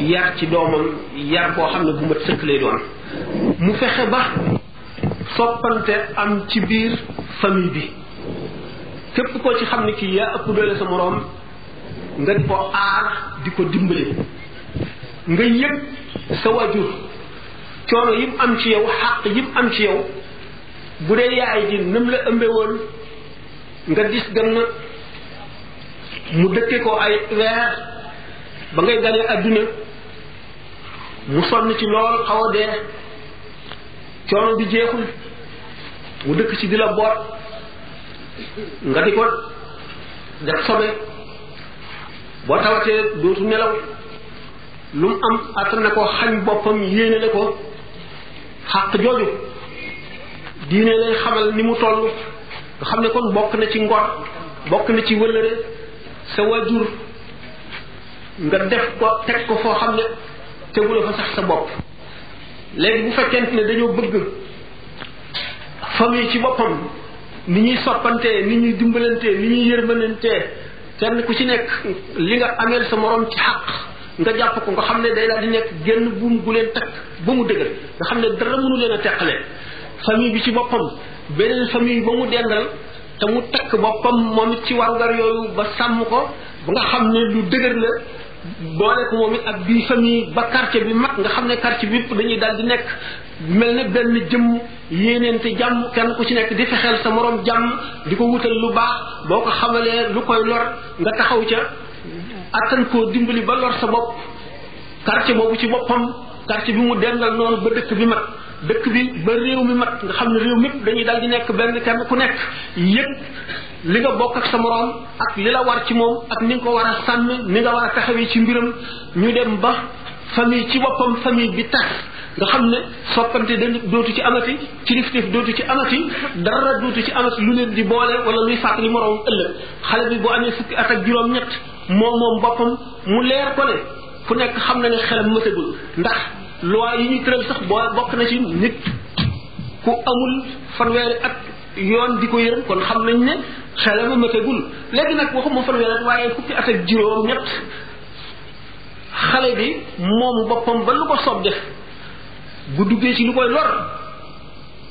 yar ci doomam yar boo xam ne bu ma sëkk lay doon mu fexe ba soppante am ci biir famille bi képp koo ci xam ne kii yaa ëpp doole sa moroom nga di ko aar di ko dimbali nga yëg sa wajur coono yëpp am ci yow xàq yim am ci yow bu dee yaay ji nam la ëmbe woon nga dis ganna mu dëkke ko ay weer ba ngay ganee àdduna mu sonn ci lool xaw a dee coono bi jeexul mu dëkk ci di la bor nga di ko def sobe boo tawatee dootu nelaw lu mu am attan na ko xañ boppam yéene la ko xàq jooju diine lay xamal ni mu toll nga xam ne kon bokk na ci ngor bokk na ci wëllëre sa wajur nga def ko teg ko foo xam ne tegula fa sax sa bopp léegi bu fekkente ne dañoo bëgg famille ci boppam ni ñuy soppantee ni ñuy dimbalantee ni ñuy yërmanantee kenn ku ci nekk li nga ameel sa morom ci xaq nga jàpp ko nga xam ne day daal di nekk génn buum gu leen takk ba mu dëgër nga xam ne dara mënu leen a teqale famille bi ci boppam beneen famille ba mu dendal te mu takk boppam moom it ci warugar yooyu ba sàmm ko ba nga xam ne lu dëgër na boo ko moom it ak bii famille ba quartier bi mag nga xam ne quartier bi yëpp dañuy daal di nekk mel ne benn jëmm yéeneente jàmm kenn ku ci nekk di fexeel sa moroom jàmm di ko wutal lu baax boo ko xamalee lu koy lor nga taxaw ca attan koo dimbali ba lor sa bopp quartier boobu ci boppam quartier bi mu dengal noonu ba dëkk bi mag dëkk bi ba réew mi mat nga xam ne réew mépp dañuy dal di nekk benn kenn ku nekk yëpp li nga bokk ak sa moroom ak li la war ci moom ak ni nga ko war a sàmm ni nga war a taxawee ci mbiram ñu dem ba famille ci boppam famille bi tax nga xam ne soppante dañ dootu ci amati kilifteef dootu ci amati dara dootu ci amati lu leen di boole wala luy fàttali moroom ëllëg xale bi bu amee fukki at ak juróom-ñett moo moom boppam mu leer ko ne ku nekk xam na ne xelam mësagul ndax loi yi ñu tëral sax boo bokk na ci nit ku amul fanweeri at yoon di ko yërëm kon xam nañ ne xelama matagul léegi nag waxuma fanweeri at waaye fukki at ak juróom ñett xale bi moomu boppam ba lu ko sob def bu duggee ci lu koy lor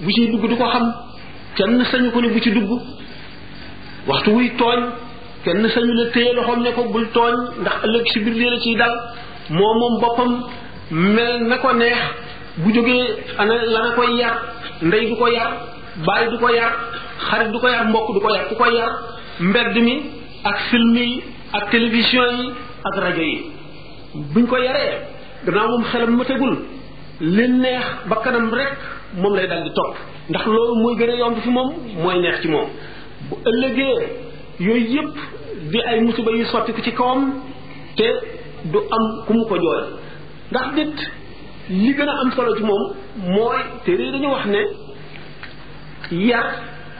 bu ci dugg du ko xam kenn sañu ko ne bu ci dugg waxtu wuy tooñ kenn sañu la téye loxoom ne ko bul tooñ ndax ëllëg si biir la ciy dal moo moom boppam mel na ko neex bu jógee ana la na koy yar ndey du ko yar baay du ko yar xarit du ko yar mbokk du ko yar ku ko yar mbedd mi ak film yi ak télévision yi ak rajo yi buñ ko yaree gannaaw moom xelam ma tegul li neex ba kanam rek moom lay dal di topp ndax loolu mooy gën a yomb fi moom mooy neex ci moom bu ëllëgee yooyu yépp di ay musiba yu sotti ci kawam te du am ku mu ko jooy ndax nit li gën a am solo ci moom mooy téere yi dañu wax ne yar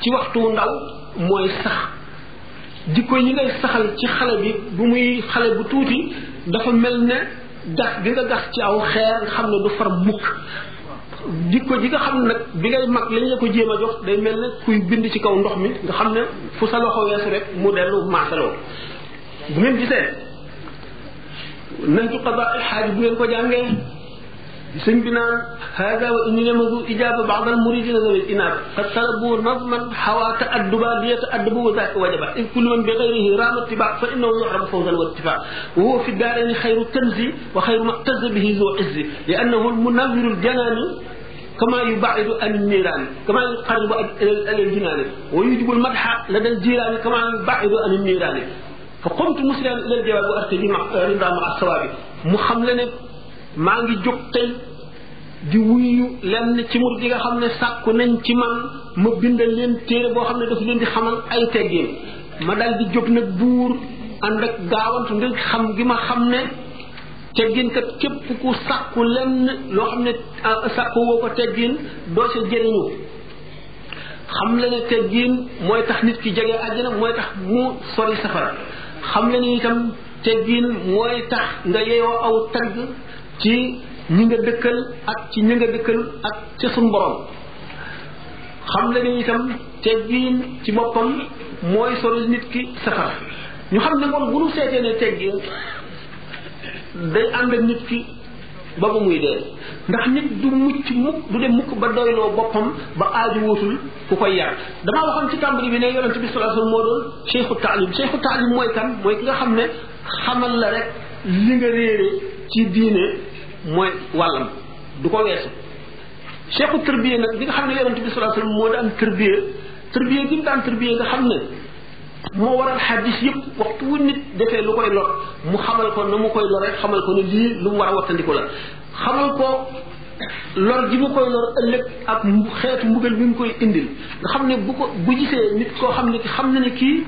ci waxtu ndaw mooy sax jikko yi ngay saxal ci xale bi bu muy xale bu tuuti dafa mel ne gas gi nga gas ci aw xeer nga xam ne du far mukk jikko ji nga xam nag bi ngay mag lañ la ko jéem a jox day mel ne kuy bind ci kaw ndox mi nga xam ne fu sa loxo weesu rek mu dellu maasaloo bu ngeen gisee nahju qadaa xaaj bu ngeen ko jàngee sëñ bi naan hada wa inni namazu ijaba ba'd al muridina zawil inab qad talabu nazman hawaka adduba liyata addubu wa zaka wajaba in kullu man bi ghayrihi rama tiba fa innahu yuhramu fawzan wa ittifa wa huwa fi daarayni khayru tanzi wa khayru mu'taz bihi zu izzi li annahu al munawwiru al janani kama yubaidu an niiraan kama yuqarribu al jinaani wa yujibu al madha lada al jiraani kama yubaidu an niiraani fa qumtu musliman lil jawaab wa artadi ridwa ma eh, sawaabi mu xam le ne maa ngi jóg tey di wuyu lenn ci mur gi nga xam ne sàkku nañ ci man ma binda leen téere boo xam ne daf leen di xamal ay teggin ma dal di jóg nag buur ànd ak gaawantu ngir xam gi ma xam ne teggin kat képp ku sàkku lenn loo xam ne ah, sàkku woo ko teggin doo sa jëriñu xam la ne teggin mooy tax nit ki jege àjjana mooy tax mu sori safara xam le ni itam teggin mooy tax nga yeeyoo aw tagg ci ñi nga dëkkal ak ci ñi dëkkal ak ci suñu xam le ni itam teggin ci boppam mooy sori nit ki safar ñu xam ne moom bu nu seetee ne teggin day ànd nit ki ba ba muy dee ndax nit du mucc mukk du dem mukk ba doyloo boppam ba aaju wutul ku koy yar damaa waxoon ci tàmbali bi ne yonente bi sallallahu alayhi wasallam moo doon cheikhu taalim cheikhu taalim mooy kan mooy ki nga xam ne xamal la rek li nga réere ci diine mooy wàllam du ko weesu cheikhu tërbiye nag bi nga xam ne yonente bi sallallahu alayhi wasallam moo daan tërbiye tërbiye bi mu daan tërbiye nga xam ne moo waral xadis yëpp waxtu wu nit defee lu koy lor mu xamal ko na mu koy lor xamal ko ne lii lu mu war a wattandiku la xamal ko lor ji mu koy lor ëllëg ak xeetu mbugal bi mu koy indil nga xam ne bu ko bu gisee nit koo xam ne xam na ne kii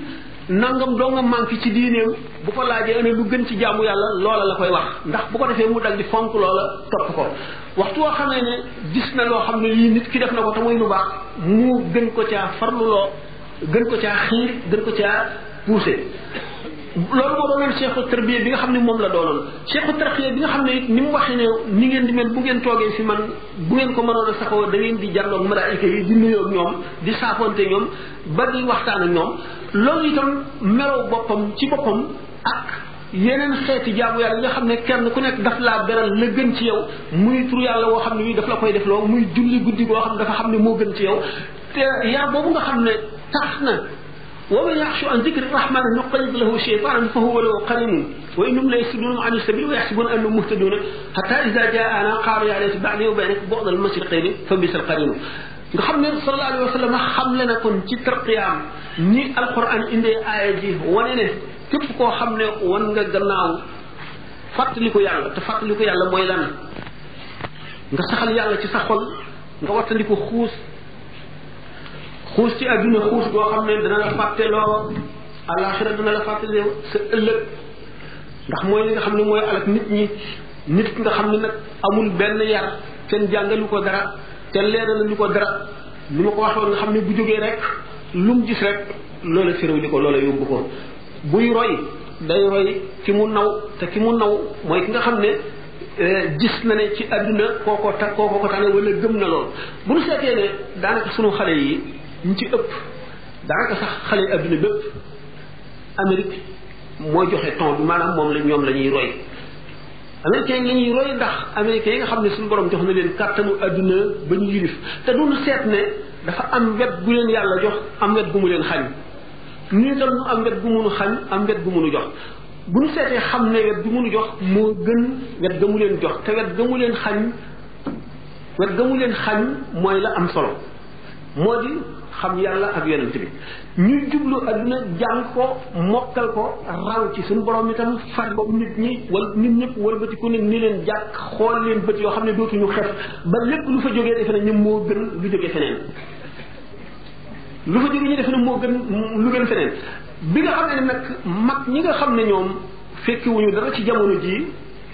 nangam doo nga manqué ci diineem bu ko laajee ne lu gën ci jaamu yàlla loola la koy wax ndax bu ko defee mu dal di fonk loola topp ko waxtu woo xamee ne gis na loo xam ne lii nit ki def na ko te muy lu baax mu gën ko caa farluloo gën ko caa xiir gën ko caa poussé loolu moo doonoon cheikhu tarbiya bi nga xam ne moom la doonoon cheikhu tarbiya bi nga xam ne it ni mu waxee ne ni ngeen di mel bu ngeen toogee fi man bu ngeen ko mënoon a dangeen da ngeen di jàlloog malaayika yi di nuyoo ñoom di saafonte ñoom ba di waxtaan ak ñoom loolu itam meloo boppam ci boppam ak yeneen xeeti jaamu yàlla nga xam ne kenn ku nekk daf laa beral la gën ci yow muy tur yàlla woo xam ne bii daf la koy def muy julli guddi goo xam ne dafa xam ne moo gën ci yow te yar boobu nga xam ne tax na waman yaxshu an dicri rahmani nuqallid lahu cheytanan fa huwa lahu qarinun wa innahum la yasudunahum an sabil wa yaxsibuna annahum muhtaduna xata ida jaana qaalu yaa layti baadi wa baynaka bu'da al-mashriqayni fa bisal qarinu nga xam ne sallallahu alayhi wa sallam xam le na kon ci tarqiyaam ni alquran indee aaya ji wane ne képp koo xam ne wan nga gannaaw fàttaliku yàlla te fàttaliku yàlla mooy lan nga saxal yàlla ci sa xol nga wattandiku xuus xuus ci àdduna xuus goo xam ne dana la fàtteloo àllaaxira dana la fàtteloo sa ëllëg ndax mooy li nga xam ne mooy alak nit ñi nit nga xam ne nag amul benn yar kenn jàngalu ko dara kenn nañu ko dara ni ma ko waxoon nga xam ne bu jógee rek lu gis rek loola séréw li ko loola yóbbu ko buy roy day roy ki mu naw te ki mu naw mooy ki nga xam ne eh, gis na ne ci àdduna kooko ta koo ko tane wala gëm na lool bu ñu seetee ne daanaka yi ñu ci ëpp daanaka sax xale adduna bépp Amérique moo joxe ton bi maanaam moom la ñoom la ñuy roy américain la ñuy roy ndax américain yi nga xam ne suñ borom jox na leen kàttanu adduna ba ñu yilif te duñu seet ne dafa am wet gu leen yàlla jox am wet gu mu leen xañ nii tam am wet gu munu xañ am wet gu munu jox bu nu seetee xam ne wet gu munu jox moo gën wet ga mu leen jox te wet ga leen xañ wet ga mu leen xañ mooy la am solo moo di xam yàlla ak yonent bi ñu jublu adduna jàng ko mokkal ko raw ci suñu borom itam far ko nit ñi wal nit ñëpp wëlbati ku ne ni leen jàkk xool leen bët yoo xam ne dootuñu xef ba lépp lu fa jógee defe ne ñoom moo gën lu jóge feneen lu fa jógee ñu defe ne moo gën lu gën feneen bi nga xam ne nag mag ñi nga xam ne ñoom fekki wuñu dara ci jamono ji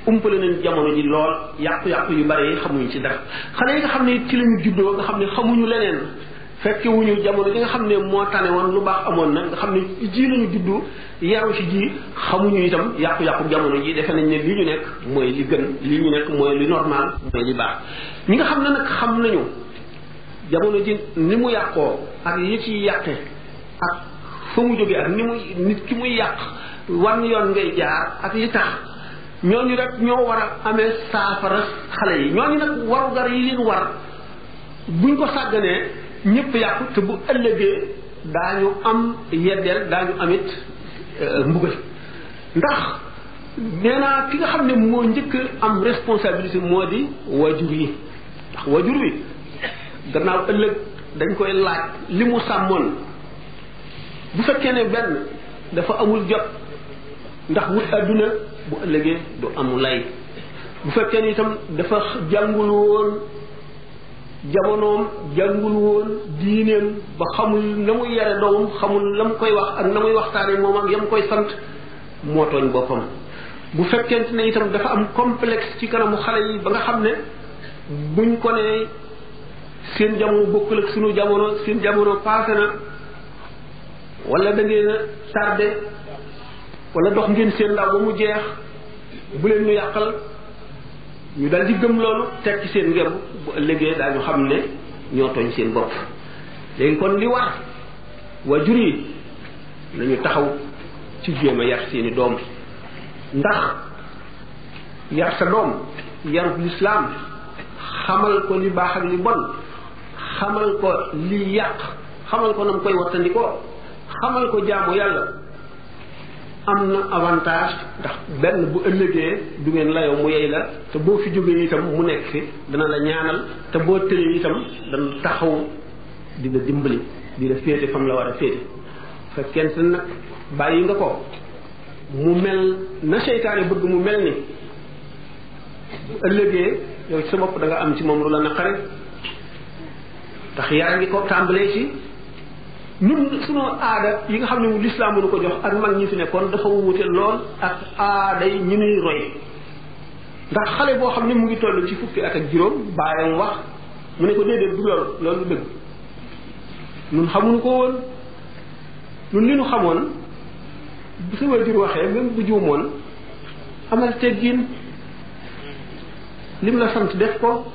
umpale nañ jamono ji lool yàqu-yàqu yu bare yi xamuñu ci dara xale yi nga xam ne ci lañu juddoo nga xam ne xamuñu leneen fekke wuñu jamono ji nga xam ne moo tane woon lu baax amoon na nga xam ne ji lañu juddu yaru ci ji xamuñu itam yàqu-yàqu jamono ji defe nañ ne li ñu nekk mooy li gën li nekk mooy li normal mooy li baax ñi nga xam ne nag xam nañu jamono ji ni mu yàqoo ak yi ci yàqe ak fa mu jóge ak ni muy nit ki muy yàq wan yoon ngay jaar ak yi tax ñooñu rek ñoo war a amee saafara xale yi ñooñu nag warugar yi leen war buñ ko sàgganee ñëpp yàqu te bu ëllëgee daañu am yeddeel daañu amit euh, mbugal ndax nee naa ki nga xam ne moo njëkk am responsabilité moo di wajur yi ndax wajur wi gannaaw ëllëg dañ koy laaj li mu sàmmoon bu fekkee ne benn dafa amul jot ndax wut àdduna bu ëllëgee du amu ay bu fekkee ne itam dafa jàngul woon jamonoom jàngul woon diineem ba xamul na muy yare doom xamul la mu koy wax ak na muy waxtaanee moom ak yam koy sant moo tooñ boppam bu fekkente ne itam dafa am complexe ci kanamu xale yi ba nga xam ne buñ ko nee seen jamono bokkul ak sunu jamono seen jamono passé na wala da ngeen a dox ngeen seen ndaw ba mu jeex bu leen ñu yàqal ñu dal di gëm loolu teg ci seen ngëm bu ëllëgee daañu xam ne ñoo tooñ seen bopp léegi kon li war waajur yi nañu taxaw ci jéem a yar seeni doom ndax yar sa doom yarub lislaam xamal ko li baax ak li bon xamal ko li yàq xamal ko nam koy wattandikoo xamal ko jaamu yàlla am na avantage ndax benn bu ëllëgee du ngeen layoo mu yey la te boo fi jógee itam mu nekk fi dana la ñaanal te boo tëree itam dana taxaw di dimbali di la féete fam la war a féete fekkente nag bàyyi nga ko mu mel na seytaane bëgg mu mel ni bu ëllëgee yow ci sa bopp da am ci moom lu la naqari ndax yaa ngi ko tàmbalee ci ñun sunu aada yi nga xam ne mu lislaam mënu ko jox ak mag ñi fi nekkoon dafa wuute lool ak aada yi ñu nuy roy ndax xale boo xam ne mu ngi toll ci fukki at ak juróom baayam wax mu ne ko déedéet du loolu loolu dëgg ñun xamuñu ko woon ñun li ñu xamoon bu sa waajur waxee même bu juumoon amal teggin lim la sant def ko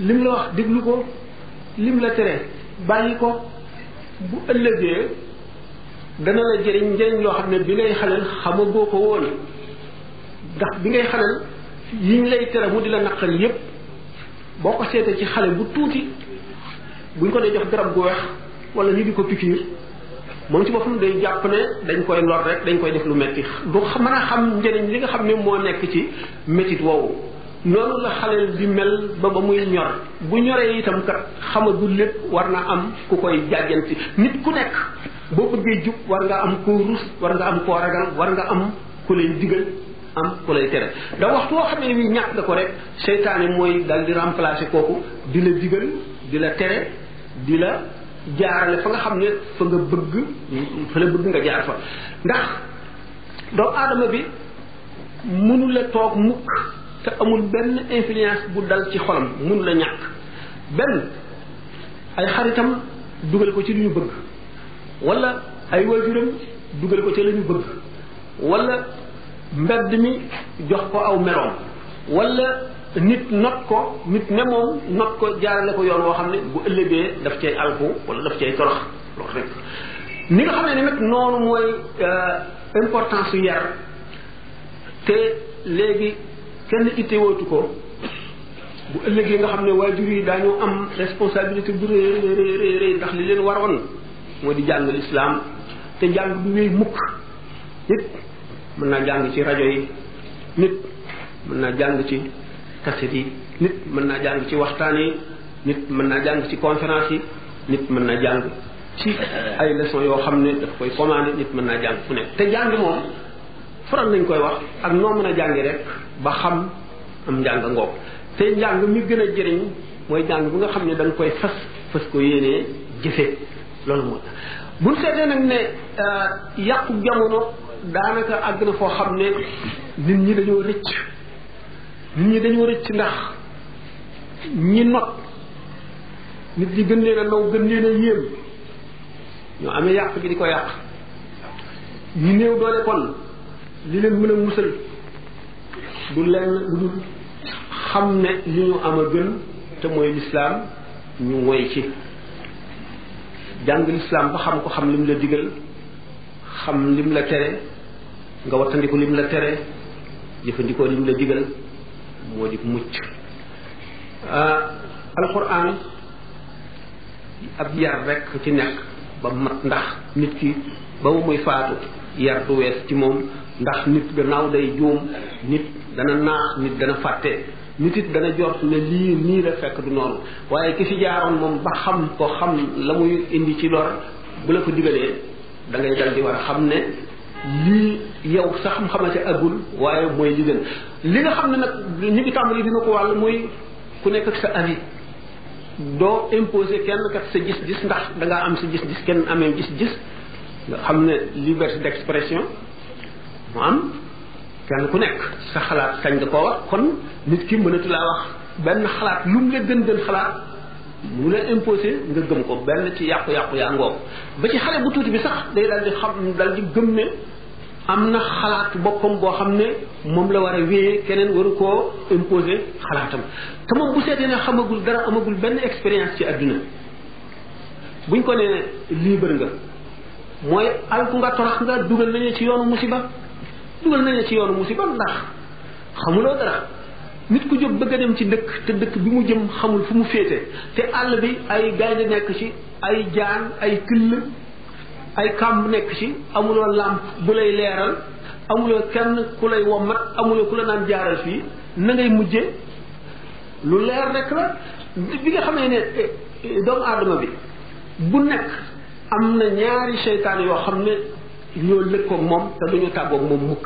lim la wax déglu ko lim la tere bàyyi ko bu ëllëgee dana la jëriñ njëriñ loo xam ne bi ngay xaleel xamagoo ko woon ndax bi ngay xaleel yiñ lay tere mu di la naqal yépp boo ko seetee ci xale bu tuuti buñ ko dee jox garab gu weex wala ñu di ko pikiir moom ci boppam day jàpp ne dañ koy lor rek dañ koy def lu metti du mën a xam njëriñ li nga xam ne moo nekk ci métit woowu loolu la xaleel di mel ba ba muy ñor bu ñoree itam kat xamagul lépp war na am ku koy jàjjanti nit ku nekk boo bëggee jub war nga am koo rus war nga am koo ragal war nga am ku lay digal am ku lay tere da waxtu woo xamee ni ñàkk ko rek seytaane mooy dal di remplacer kooku di la di la tere di la jaarale fa nga xam ne fa nga bëgg fa la bëgg nga jaar fa ndax doomu aadama bi la toog mukk te amul benn influence bu dal ci xolam mënu la ñàkk benn ay xaritam dugal ko ci lu ñu bëgg wala ay waajuram dugal ko ci lañu ñu bëgg wala mbedd mi jox ko aw meloom wala nit not ko nit ne moom not ko jaarale ko yoon woo xam ne bu ëllëgee daf cay alku wala daf cay torox ni nga xam ne nag noonu mooy euh, importance yar te léegi kenn itte wootu ko bu ëllëgee nga xam ne waajur yi daañoo am responsabilité bu rëy rëy rëy ndax li leen waroon moo di jàng lislaam te jàng bu wéy mukk nit mën naa jàng ci rajo yi nit mën naa jàng ci kaset yi nit mën naa jàng ci waxtaan yi nit mën naa jàng ci conférence yi nit mën naa jàng ci ay leçon yoo xam ne daf koy commandé nit mën naa jàng fu ne te jàng moom faral lañu koy wax ak noo mën a jàngi rek ba xam am njàng ngoog te njàng mi gën a jëriñ mooy njàng bu nga xam ne dañ koy fas fas ko yéenee jëfe loolu moo tax buñ seetee nag ne euh, yàqu jamono daanaka àgg na foo xam ne nit ñi dañoo rëcc nit ñi dañoo rëcc ndax ñi not nit ñi gën leen a naw gën leen a yéem ñoo amee yàq gi di ko yàq ñi néew doole kon li leen mën a musal du lenn lu dul xam ne li ñu am a gën te mooy lislaam ñu woy ci jàng lislaam ba xam ko xam lim la digal xam lim la tere nga wattandiku lim la tere jëfandikoo lim la digal moo di mucc ah, alxuraan ab yar rekk ci nekk ba mat ndax nit ki ba mu muy faatu yar du wees ci moom ndax nit gannaaw day juum nit dana naax nit dana fàtte nit it dana jort ne lii nii la fekk du noonu waaye ki fi jaaroon moom ba xam ko xam la muy indi ci lor bu la ko digalee da ngay dal di war a xam ne lii yow sa xam-xama ci agul waaye mooy li li nga xam ne nag ñi ngi tàmbali dina ko wàll mooy ku nekk ak sa avis doo imposer kenn kat sa gis-gis ndax da ngaa am sa gis-gis kenn amee gis-gis nga xam ne liberté d'expression mu am kenn ku nekk sa xalaat sañ nga koo wax kon nit ki mënatu laa wax benn xalaat lu mu la gën gën xalaat mu la imposé nga gëm ko benn ci yàqu-yàqu yaa ngoog ba ci xale bu tuuti bi sax day daal di xam daal di gëm ne am na xalaat boppam boo xam ne moom la war a wéyee keneen waru koo imposé xalaatam te moom bu seetee ne xamagul dara amagul benn expérience ci àdduna buñ ko nee libre nga mooy alku nga torax nga dugal nañu ci yoonu musiba dugal nañ ci yoonu musiba ndax xamuloo dara nit ku jóg bëgg a dem ci dëkk te dëkk bi mu jëm xamul fu mu féete te àll bi ay gaynde nekk ci ay jaan ay këll ay kàmb nekk ci amuloo làmp bu lay leeral amuloo kenn ku lay wommat amuloo ku la naan jaaral fii na ngay mujje lu leer rek la bi nga xamee ne eh, eh, doomu aadama bi bu nekk am na ñaari seytaan yoo xam ne ñoo lëkkoog moom te du ñu tàggoog moom mukk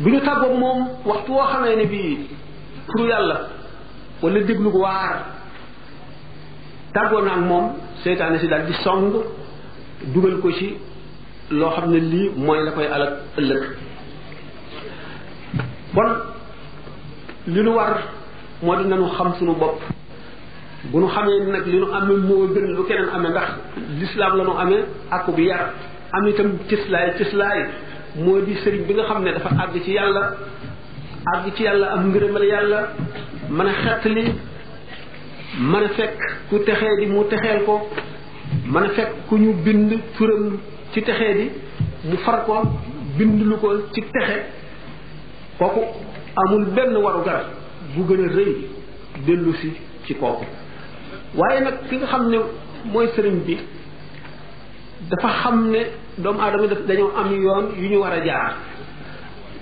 du ñu tàggoog moom waxtoo woo xamee ne bii turu yàlla wala déglu waar tàggoo naag moom seytaane si daal di song dugal ko ci loo xam ne lii mooy la koy alal ëllëg bon li nu war moo di nanu xam suñu bopp bu nu xamee nag li nu amee moo gën lu keneen amee ndax lislaam la nu amee ak bu yar am itam cislaay cislaay moo di sëriñ bi nga xam ne dafa àgg ci yàlla àgg ci yàlla am ngërëmal yàlla mën a xettali mën a fekk ku texee di mu texeel ko mën a fekk ku ñu bind turam ci texee di mu far ko bind lu ko ci texe kooku amul benn warugar bu gën a rëy dellu ci kooku waaye nag ki nga xam ne mooy sëriñ bi dafa xam ne doomu aadama dañoo am yoon yu ñu war a jaar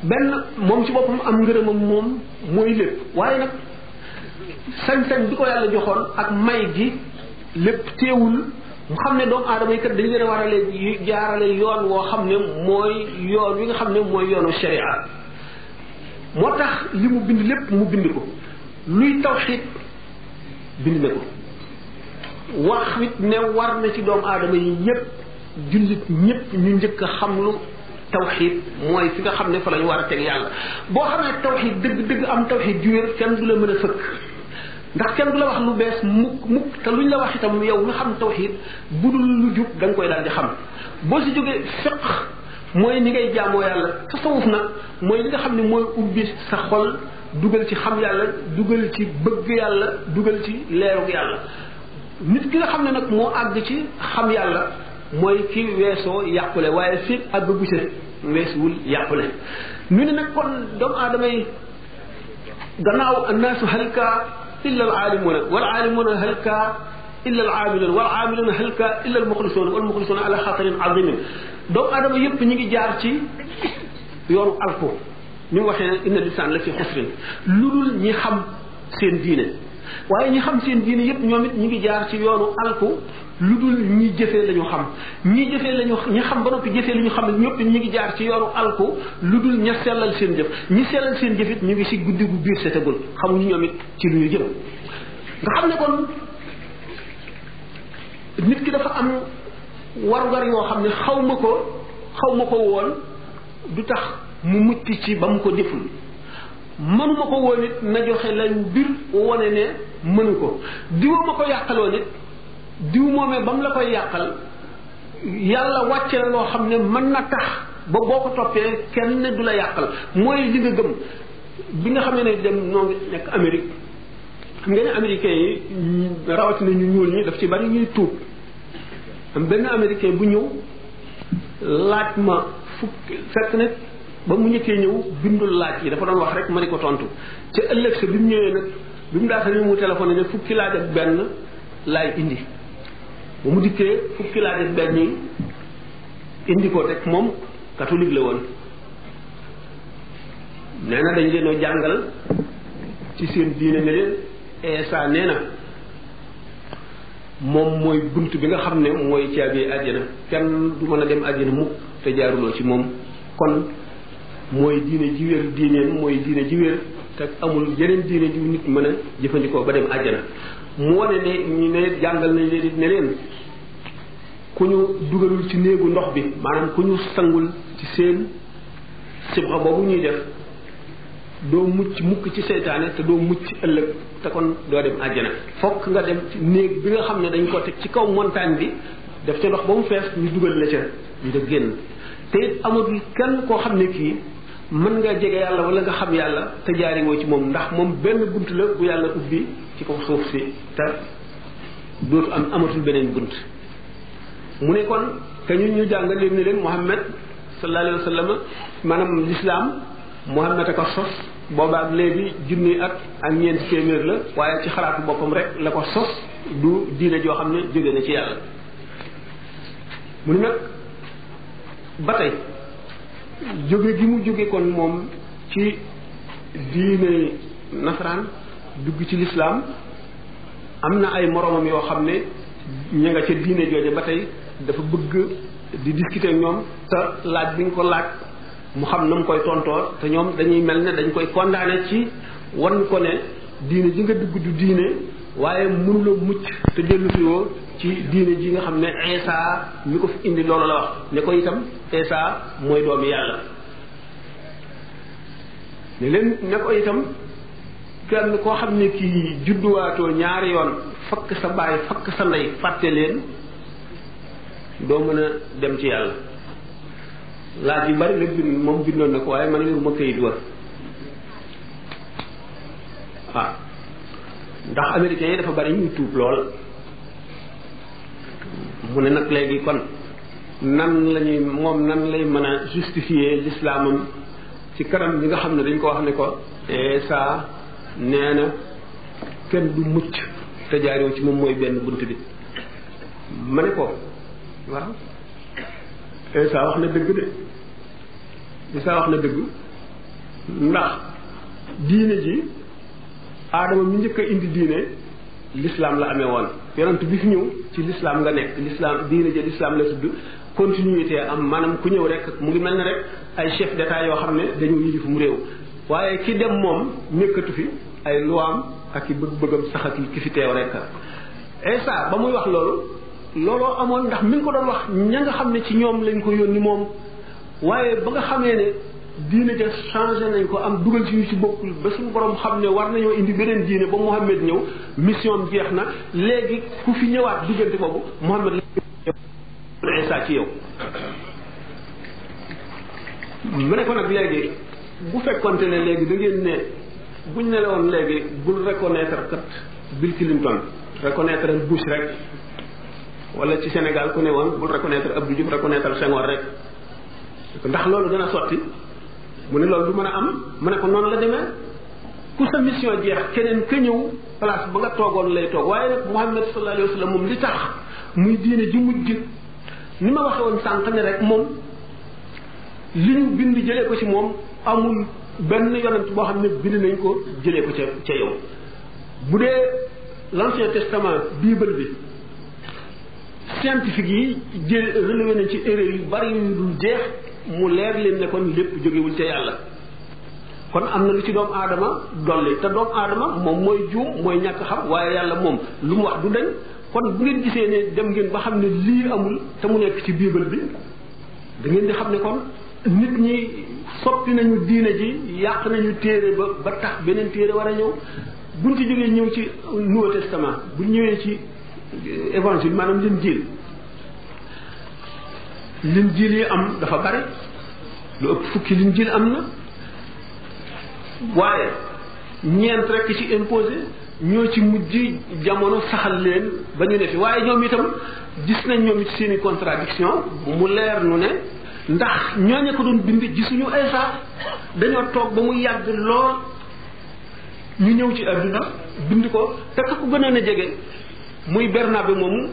benn moom ci boppam am ngërëmam moom mooy lépp waaye nag sañ-sañ bi ko yàlla joxoon ak may gi lépp teewul mu xam ne doomu aadama yi kat dañu leen a war a leen jaarale yoon woo xam ne mooy yoon wi nga xam ne mooy yoonu sharia moo tax li mu bind lépp mu bind ko luy tawxiid bind na ko wax it ne war na ci doomu aadama yi yépp jullit ñëpp ñu njëkk a xamlu tawxid mooy fi nga xam ne fa la ñu war a teg yàlla boo xam ne tawxid dëgg dëgg am tawxid ju wér kenn du la mën a fëkk ndax kenn du la wax lu bees mukk mukk te lu ñu la wax itam yow nga xam tawxid bu dul lu jub da nga koy daal di xam boo si jógee fiq mooy ni ngay jaamoo yàlla tasawuf nag mooy li nga xam ne mooy ubbi sa xol dugal ci xam yàlla dugal ci bëgg yàlla dugal ci leerug yàlla nit ki nga xam ne nag moo àgg ci xam yàlla mooy fi weesoo yàqule waaye fi àgg bu set weesuwul yàqule ñu ne nag kon doomu aadama yi gannaaw annaasu halka illa al aalimuuna wal aalimuuna halka illa al aamiluun wal aamiluun halka illa al muxlisuun wal muxlisuun ala xatarin azimin doomu aadama yëpp ñu ngi jaar ci yoonu alko ni mu waxee ne inna la fi xusrin lu dul ñi xam seen diine waaye ñi xam seen diine yëpp ñoom ñu ngi jaar ci yoonu alku lu dul ñi jëfee la ñu xam ñi jëfee la ñu ñi xam ba noppi jëfee la ñu xam ñëpp ñu ngi jaar ci yoonu alku lu dul ña sellal seen jëf ñi sellal seen jëf it ñu ngi si guddi gu biir setagul xamuñu ñoom it ci lu ñu jëm nga xam ne kon nit ki dafa am war-war yoo xam ne xaw ma ko xaw ma ko woon du tax mu mucc ci ba mu ko deful mënuma ko woon it na joxe lay mbir wane ne mënu ko diwa ma ko yàqaloo it diw moomee ba mu la koy yàqal yàlla wàcce la loo xam ne mën na tax ba boo ko toppee kenn du la yàqal mooy li nga gëm bi nga xam ne dem noo nekk Amérique xam ngeen ne yi rawatina ñu ñuul ñi daf ci bari ñuy tuub am benn américain bu ñëw laaj ma fukk fekk nag ba mu njëkkee ñëw bindul laaj yi dafa doon wax rek ma ne ko tontu ci ëllëg sa bi mu ñëwee nag bi mu daata ni mu téléphone ne fukki laaj ak benn laay indi ba mu dikkee fukki laa des benn yi indi ko rek moom katolik la woon nee na dañ leen jàngal ci seen diine ne leen Eesa nee na moom mooy bunt bi nga xam ne mooy caabi àjjana kenn du mën a dem àjjana mukk te jaaruloo ci moom kon mooy diine ji wér diineen mooy diine ji wér te amul yeneen diine ji nit mën a jëfandikoo ba dem àjjana mu wane ne ñu ne jàngal nañ leen it ne leen ku ñu dugalul ci néegu ndox bi maanaam ku ñu sangul ci seen sibxa boobu ñuy def doo mucc mukk ci seytaane te doo mucc ëllëg te kon doo dem àjjana fokk nga dem néeg bi nga xam ne dañ koo teg ci kaw montagne bi def ca ndox ba mu fees ñu dugal la ca nga génn te it amatul kenn koo xam ne kii mën nga jege yàlla walla nga xam yàlla te jaari woo ci moom ndax moom benn bunt la bu yàlla ubbi ci ko suuf si te dootu am amatul beneen bunt mu ne kon te ñun ñu jàng leen ni leen Muhammad sallallahu alayhi wa sallam maanaam lislaam Muhammad a ko sos boobaak léegi junni ak ak ñeenti téeméer la waaye ci xalaatu boppam rek la ko sos du diine joo xam ne jóge na ci yàlla mu ne nag ba tey jóge gi mu jóge kon moom ci diine nasaraan dugg ci lislaam am na ay moroomam yoo xam ne ña nga ca diine jooje ba tey dafa bëgg di discuter ñoom te laaj bi nga ko laaj mu xam na mu koy tontoor te ñoom dañuy mel ne dañ koy kondaane ci wan ko ne diine ji nga dugg du diine waaye mënuloo mucc te dellu si woo ci diine ji nga xam ne Isa mi ko fi indi loolu la wax ne ko itam Isa mooy doom yàlla ne leen ne ko itam kenn koo xam ne kii judduwaatoo ñaari yoon fakk sa baay fakk sa ndey fàtte leen doo mën a dem ci yàlla laaj yu bari la bind moom bindoon na ko waaye man a ma këyit wër waaw ndax américains yi dafa bari ñuy tuub lool mu ne nag léegi kon nan la moom nan lay mën a justifier l'islamam ci kanam ñi nga xam ne dañ ko wax ne ko saa nee na kenn du mucc te jaaroo ci moom mooy benn bunt bi ma ne ko waaw Isa wax na dëgg de Isa wax na dëgg ndax diine ji aadama mu njëkk a indi diine lislaam la amee woon yonent bi fi ñëw ci lislaam nga nekk l'islam diine ja l'islam la tudd continuité am maanaam ku ñëw rek mu ngi mel ne rek ay chef d'état yoo xam ne dañu yilif mu réew waaye ki dem moom nekkatu fi ay luwaam ak ki bëgg-bëggam sax ak ki fi teew rek Isa ba muy wax loolu looloo amoon ndax mi ngi ko doon wax ña nga xam ne ci ñoom lañ ko yónni moom waaye ba nga xamee ne diine ja changé nañ ko am dugal ci yu ci bokkul ba suñu borom xam ne war nañoo indi beneen diine ba Mouhamed ñëw mission jeex na léegi ku fi ñëwaat diggante boobu Mouhamed la Isa ci yow mu ne ko nag léegi bu fekkonte ne léegi da ngeen ne buñ ne la woon léegi bul reconnaître kat Bill Clinton reconnaître Bush rek wala ci Sénégal ku ne woon bul reconnaître Abdou Diouf reconnaître Senghor rek ndax loolu dana sotti mu ne loolu mën a am mu ne ko noonu la demee ku sa mission jeex keneen ka ñëw place ba nga toogoon lay toog waaye nag Muhammad sallallahu alayhi wa sallam moom li tax muy diine ji mujj ni ma waxe woon sànq ne rek moom li ñu bind jëlee ko ci moom amul benn yonent boo xam ne bind nañ ko jëlee ko ca ca yow bu dee l'ancien testament bible bi scientifique yi jël relevé nañ ci erreur yu bari yu jeex mu leer leen ne kon lépp jógewul ca yàlla kon am na lu ci doomu aadama dolli te doomu aadama moom mooy juum mooy ñàkk xam waaye yàlla moom lu mu wax du dañ kon bu ngeen gisee ne dem ngeen ba xam ne lii amul te mu nekk ci biibal bi da ngeen di xam ne kon nit ñi soppi nañu diine ji yàq nañu téere ba ba tax beneen téere war a ñëw buñ ci jógee ñëw ci Nouveau Testament bu ñëwee ci évangile maanaam leen jël linjiil yi am dafa bare lu ëpp fukki linjiil am na waaye ñeent rekk ci imposé ñoo ci mujj jamono saxal leen ba ñu ne fi waaye ñoom itam gis nañ ñoom ci seeni contradiction mu leer nu ne ndax ñooñu ko doon bind gisuñu Iisaa dañoo toog ba mu yàgg lool ñu ñëw ci àdduna bind ko te ku gënoon a jege muy Bernabe moom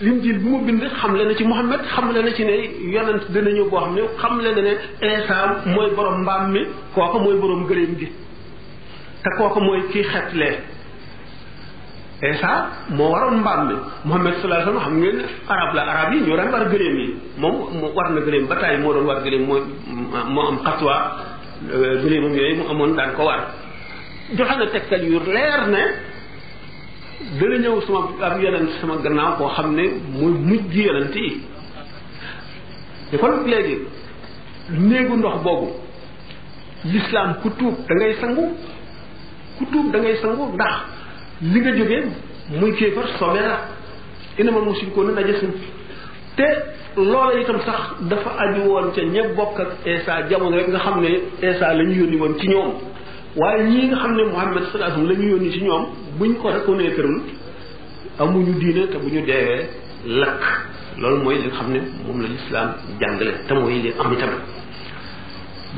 Linjiil bi mu bind xamle na ci Muhammad xamle na ci ne yonent dina ñëw boo xam ne xamle na ne Iisaa mooy borom mbaam mi kooka mooy borom gëléem gi te kooka mooy kii xetlee Iisaa moo waroon mbaam mi Muhammad sallallahu xam ngeen arab la arab yi ñoo daan war gëléem yi moom mu war na gëléem ba tàyyi moo doon war gëléem moo moo am xatwa euh, gëléemam yooyu mu amoon daan ko war joxe na tegtal yu leer ne dana ñëw sama ab yonent sama gannaaw koo xam ne mooy mujj yonent yi kon léegi néegu ndox boobu l'islam ku tuub da ngay sangu ku tuub da ngay sangu ndax li nga jógee muy kéefar sobe la inamal mushrikuuna najasun te loola itam sax dafa aju woon ca ña bokk ak Isa jamono rek nga xam ne Isa la ñu yónni woon ci ñoom waaye ñii nga xam ne Muhammad sallallahu alayhi wasallam la ñu yónni ci ñoom buñ ko reconnaître amuñu diine te bu ñu deewee lakk loolu mooy li xam ne moom la lislaam jàngale te mooy li am itam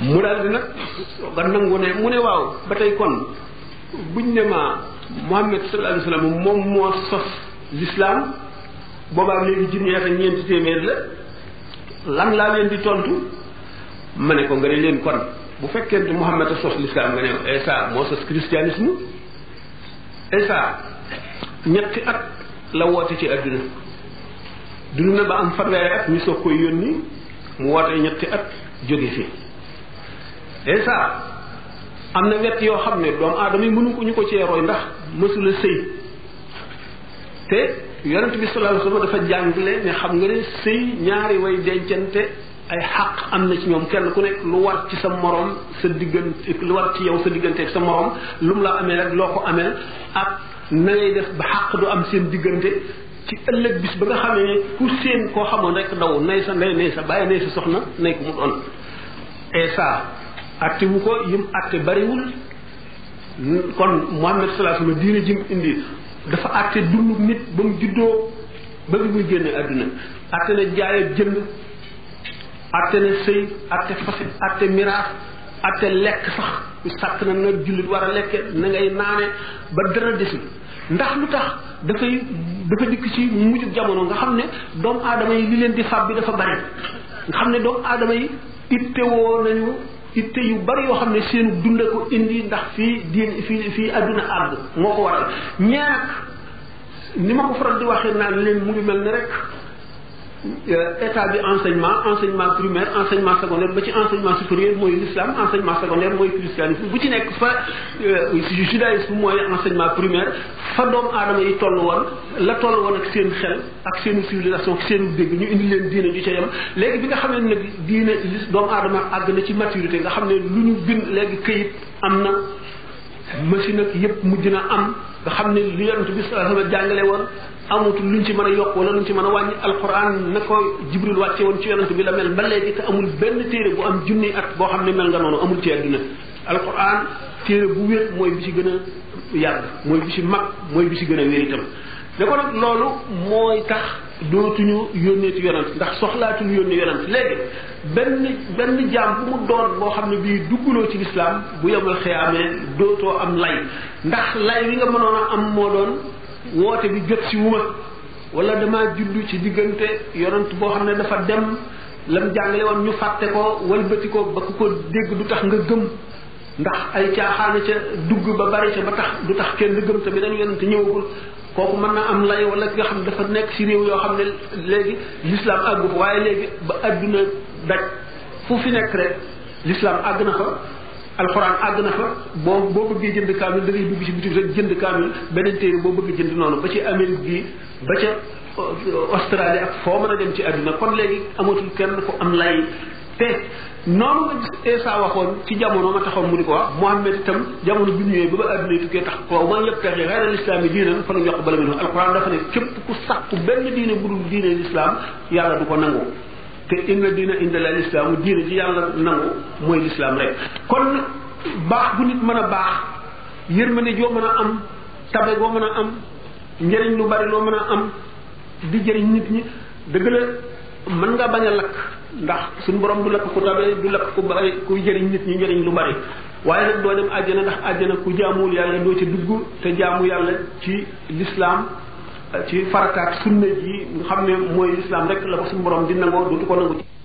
mu daal di nag nga nangu ne mu ne waaw ba tey kon buñ ne ma Muhammad sallallahu alayhi wa moom moo sos lislaam boobaa léegi junni ak ñeenti téeméer la lan laa leen di tontu ma ne ko nga ne leen kon bu fekkente Muhammad a sos lislaam nga ne Isa moo sos christianisme Isa ñetti at la woote ci àdduna dund na ba am fanweeri at ñu soog koy yónni mu woote ñetti at jóge fi Isa am na wet yoo xam ne doomu aadama yi mënu ko ñu ko cee roy ndax mësula sëy te yonent bi sallallahu alayhi wasallam dafa jàngale ne xam nga ne sëy ñaari way dencante ay xaq am na ci ñoom kenn ku nekk lu war ci sa morom sa diggante lu war ci yow sa diggante ak sa morom lu mu la amee rek loo ko amee ak na ngay def ba xaq du am seen diggante ci ëllëg bis ba nga xamee ku seen koo xamoon rek daw nay sa ndey nay sa bàyyi nay si soxna nay ko mu doon Isa atte wu ko yim atte bariwul kon Muhammad sallallahu ma wasallam diine jim indi dafa atte dund nit ba mu juddoo ba bi muy génne àdduna atte na jaayab jënd atte na sëy atte fasit atte miraas atte lekk sax ñu sàkk na na jullit war a lekke na ngay naane ba dara des ndax lu tax dafay dafa dikk ci mujjug jamono nga xam ne doomu aadama yi li leen di fab bi dafa bari nga xam ne doomu aadama yi ittewoo nañu itte yu bari yoo xam ne seenu dund ko indi ndax fii diin fii fii adduna àgg moo ko waral ñaar ni ma ko faral di waxee naan leen mu ngi mel ni rek Euh, état bi enseignement enseignement primaire enseignement secondaire ba ci enseignement supérieur mooy l'islam enseignement secondaire mooy christianisme bu ci nekk fa euh, judaïsme mooy enseignement primaire fa doomu aadama yi toll woon la toll woon ak seen xel ak seen civilisation ak seen dégg ñu indi leen diine ju ca yem léegi bi nga xam ne nag diine doomu aadama àgg na ci maturité nga xam ne lu ñu bind léegi këyit am na machine ak yépp mujj na am nga xam ne lu yonent bi sallallahu alayhi wa amut ñu ci mën a yokk wala luñ ci mën a wàññi alquran na ko jibril wàcce woon ci yonent bi la mel ba léegi te amul benn téere bu am junni at boo xam ne mel nga noonu amul ci àdduna alquran téere bu wér mooy bi ci gën a yàgg mooy bi ci mag mooy bi ci gën a wér itam ne ko nag loolu mooy tax dootuñu yónneeti yonent ndax soxlaatuñu yónne yonent léegi benn benn jaam bu mu doon boo xam ne bii dugguloo ci lislaam bu yemul amee dootoo am lay ndax lay wi nga mënoon am moo doon woote bi jot si wuma wala damaa juddu ci diggante yonent boo xam ne dafa dem lam jàngale woon ñu fàtte ko walbati ko ba ku ko dégg du tax nga gëm ndax ay caaxaana ca dugg ba bari ca ba tax du tax kenn gëm te beneen yonent ñëwagul kooku mën naa am lay wala ki nga xam dafa nekk ci réew yoo xam ne léegi l'islam àggu fa waaye léegi ba adduna daj fu fi nekk rek lislaam àgg na fa alxuraan àgg na fa boo boo bëggee jënd kaamil da ngay dugg ci bitim rek jënd kaamil beneen téere boo bëgg jënd noonu ba ci Amérique bi ba ca euh, Australie foo mën a dem ci àdduna kon léegi amatul kenn ku am lay te noonu nga gis Esa waxoon ci jamono ma taxaw mu di ko wax Muhammad itam jamono bi mu ñëwee ba ba àdduna tukkee tax ko man yëpp tax yi xayral islaam yi diinan fa la jox bala mi alxuraan dafa ne képp ku sàkku benn diine bu dul diine l'islam yàlla du ko te inna diina indala lislaamu diine ji yàlla nangu mooy lislaam rek kon baax bu nit mën a baax yërmande joo mën a am tabe goo mën a am njëriñ lu bari loo mën a am di jëriñ nit ñi dëgg la mën nga bañ a lakk ndax suñu borom du lakk ku tabe du lakk ku bari kuy jëriñ nit ñi njëriñ lu bari waaye nag doo dem àjjana ndax àjjana ku jaamul yàlla doo ci dugg te jaamu yàlla ci lislaam ci farataak sunna ji nga xam ne mooy lislaam rek la ko suñu borom di nangoo dootu ko nangu ci